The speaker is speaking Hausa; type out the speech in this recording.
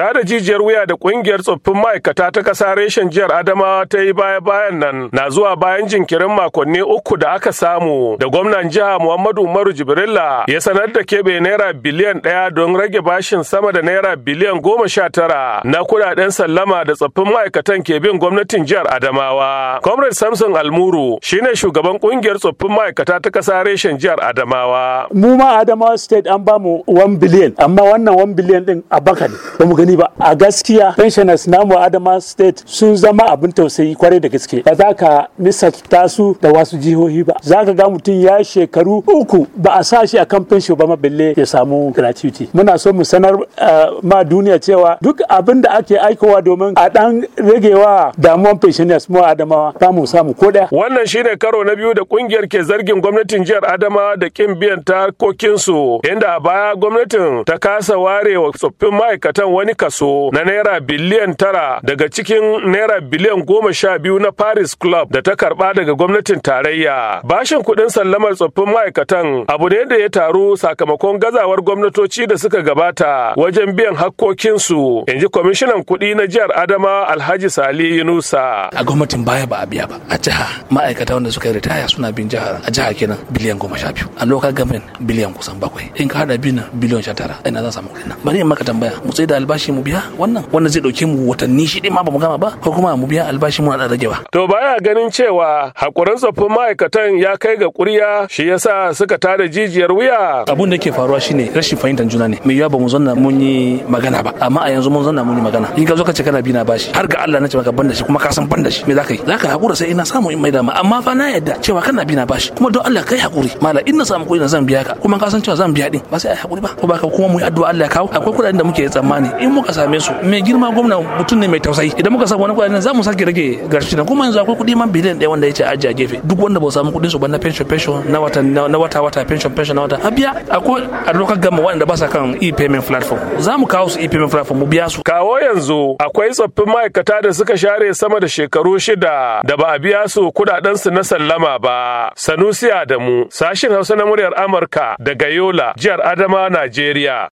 ta da jijiyar wuya da kungiyar tsoffin ma'aikata ta kasa reshen jihar adamawa ta yi baya bayan nan na zuwa bayan jinkirin makonni uku da aka samu da gwamnan jiha muhammadu umaru jibrila ya sanar da keɓe naira biliyan ɗaya don rage bashin sama da naira biliyan goma sha tara na kudaden sallama da tsoffin ma'aikatan ke gwamnatin jihar adamawa comrade samson almuru shine shugaban kungiyar tsoffin ma'aikata ta kasa reshen jihar adamawa mu ma adamawa state an bamu 1 biliyan amma wannan 1 biliyan din a baka ne ba gani sani ba a gaskiya pensioners namu adama state sun zama abin tausayi kwarai da gaske ba za ka misalta su da wasu jihohi ba za ka ga mutum ya shekaru uku ba a sa shi a kan pension ba mabille ya samu gratuity muna so mu sanar eh, ma duniya cewa duk abin da ake aikowa domin a dan ragewa damuwan pensioners mu adamawa ba mu samu ko daya wannan shine karo na biyu da kungiyar ke zargin gwamnatin jihar adama da kin biyan su inda a baya gwamnatin ta kasa warewa tsoffin ma'aikatan wani kaso na naira biliyan tara daga cikin naira biliyan goma sha biyu na Paris Club da ta karba daga gwamnatin tarayya. Bashin kuɗin sallamar tsoffin ma'aikatan abu ne da ya taru sakamakon gazawar gwamnatoci da suka gabata wajen biyan hakkokinsu, in ji kwamishinan kuɗi na jihar Adama Alhaji Sali Yunusa. A gwamnatin baya ba a biya ba, a jiha ma'aikata wanda suka ritaya suna bin jihar a jiha kenan biliyan goma sha biyu, a local government biliyan kusan bakwai, in ka haɗa bin biliyan sha tara, ina zan samu kuɗi na Bari in maka tambaya, mu tsaye da albashi albashi mu biya wannan wannan zai dauke mu watanni shida ma ba mu gama ba ko kuma mu biya albashi muna da rage ba to baya ganin cewa hakurin tsoffin ma'aikatan ya kai ga kuriya shi yasa suka tada jijiyar wuya abun da yake faruwa shine rashin fahimtar juna ne me yawa ba mu zanna mun yi magana ba amma a yanzu mun zanna mun yi magana in ka zo ka ce kana bi na bashi har ga Allah na ce maka banda shi kuma ka san banda shi me zaka yi zaka hakura sai ina samu in mai dama amma fa na yadda cewa kana bi na bashi kuma don Allah kai hakuri mala in samu kuɗi na zan biya ka kuma ka san cewa zan biya din ba sai ai hakuri ba ko ba kuma mu yi addu'a Allah ya kawo akwai kuɗaɗen da muke tsammani in in muka same su mai girma gwamna mutum ne mai tausayi idan muka samu wani kuɗi za mu sake rage gashi na kuma yanzu akwai kuɗi man biliyan ɗaya wanda yake ajiye a gefe duk wanda ba samu kuɗin su ba na pension pension na wata na wata wata pension pension na wata a biya akwai a lokacin gama wanda ba sa kan e-payment platform za mu kawo su e-payment platform mu biya su kawo yanzu akwai tsoffin ma'aikata da suka share sama da shekaru shida da ba a biya su kuɗaɗen su na sallama ba sanusi adamu sashin hausa na muryar amurka daga yola jihar adama najeriya